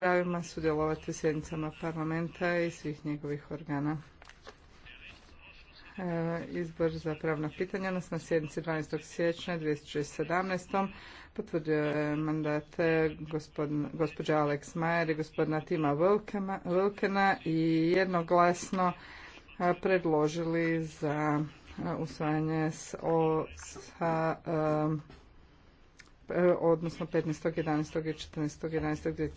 pravima sudjelovati u sjednicama parlamenta i svih njegovih organa. E, izbor za pravna pitanja nas na sjednici 12. siječnja 2017. potvrdio je mandate gospođa Alex Majer i gospodina Tima Vilkena i jednoglasno e, predložili za e, usvajanje s, o, sa odnosno 15.11. i 14.11.2017.